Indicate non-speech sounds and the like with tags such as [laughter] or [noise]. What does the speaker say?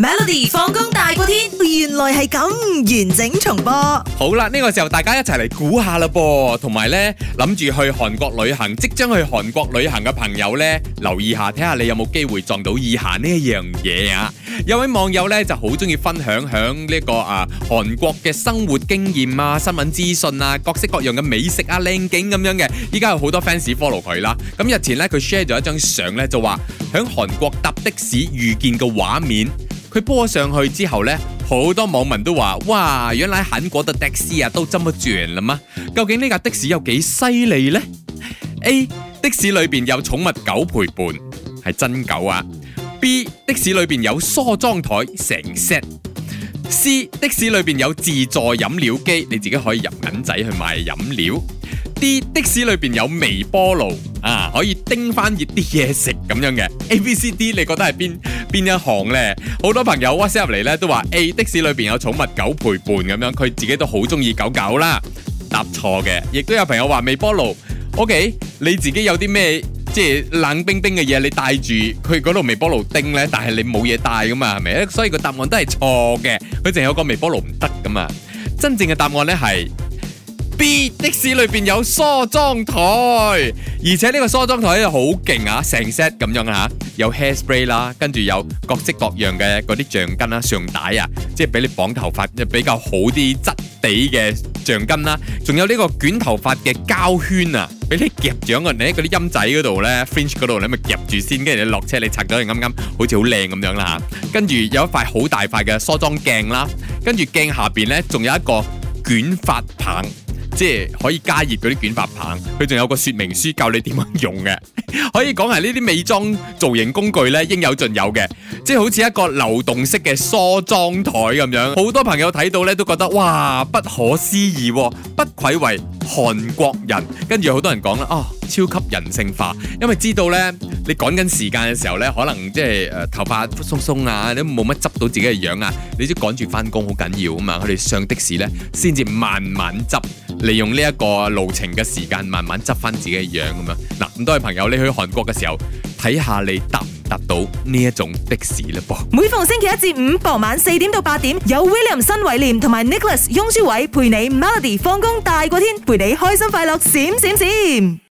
Melody 放工大過天，原來係咁完整重播。好啦，呢個時候大家一齊嚟估下啦噃，同埋呢，諗住去韓國旅行，即將去韓國旅行嘅朋友呢，留意下睇下你有冇機會撞到以下呢一樣嘢啊？有位網友呢，就好中意分享響呢個啊韓國嘅生活經驗啊、新聞資訊啊、各式各樣嘅美食啊、靚景咁樣嘅。依家有好多 fans follow 佢啦。咁日前呢，佢 share 咗一張相呢，就話響韓國搭的士遇見嘅畫面。播上去之後呢，好多網民都話：哇，原來韓國的的士啊，都咁啊轉啦嘛！究竟呢架的士有幾犀利呢？A. 的士裏邊有寵物狗陪伴，係真狗啊！B. 的士裏邊有梳妝台成 set。C. 的士裏邊有自助飲料機，你自己可以入銀仔去買飲料。D. 的士裏邊有微波爐啊，可以叮翻熱啲嘢食咁樣嘅。A、B、C、D，你覺得係邊？邊一行呢？好多朋友 WhatsApp 入嚟呢，都話，誒、欸，的士裏邊有寵物狗陪伴咁樣，佢自己都好中意狗狗啦。答錯嘅，亦都有朋友話微波爐。OK，你自己有啲咩即係冷冰冰嘅嘢，你帶住，佢嗰度微波爐叮呢，但係你冇嘢帶噶嘛，係咪？所以個答案都係錯嘅，佢淨係有個微波爐唔得噶嘛。真正嘅答案呢係。B 的士裏邊有梳妝台，而且呢個梳妝台好勁啊，成 set 咁樣吓，有 hair spray 啦，跟住有各式各樣嘅嗰啲橡筋啦、上帶啊，即係俾你綁頭髮，即係比較好啲質地嘅橡筋啦。仲有呢個捲頭髮嘅膠圈啊，俾你夾掌啊。你喺嗰啲陰仔嗰度咧，fringe 嗰度你咪夾住先，跟住你落車你拆咗，啱啱好似好靚咁樣啦吓。跟住有一塊好大塊嘅梳妝鏡啦，跟住鏡下邊咧仲有一個捲髮棒。即係可以加熱嗰啲捲髮棒，佢仲有個說明書教你點樣用嘅。 [laughs] 可以講係呢啲美妝造型工具呢，應有盡有嘅。即係好似一個流動式嘅梳妝台咁樣，好多朋友睇到呢，都覺得哇不可思議，啊，不愧為韓國人。跟住好多人講啦，哦，超級人性化，因為知道呢，你趕緊時間嘅時候呢，可能即係誒、呃、頭髮鬆，鬆鬆啊，你冇乜執到自己嘅樣啊，你都趕住翻工好緊要啊嘛。佢哋上的士呢，先至慢慢執。利用呢一個路程嘅時間，慢慢執翻自己嘅樣咁樣。嗱，咁多位朋友，你去韓國嘅時候，睇下你搭唔搭到呢一種的士啦噃。每逢星期一至五傍晚四點到八點，有 William 新偉廉同埋 Nicholas 雍舒偉陪你 Melody 放工大過天，陪你開心快樂閃閃閃。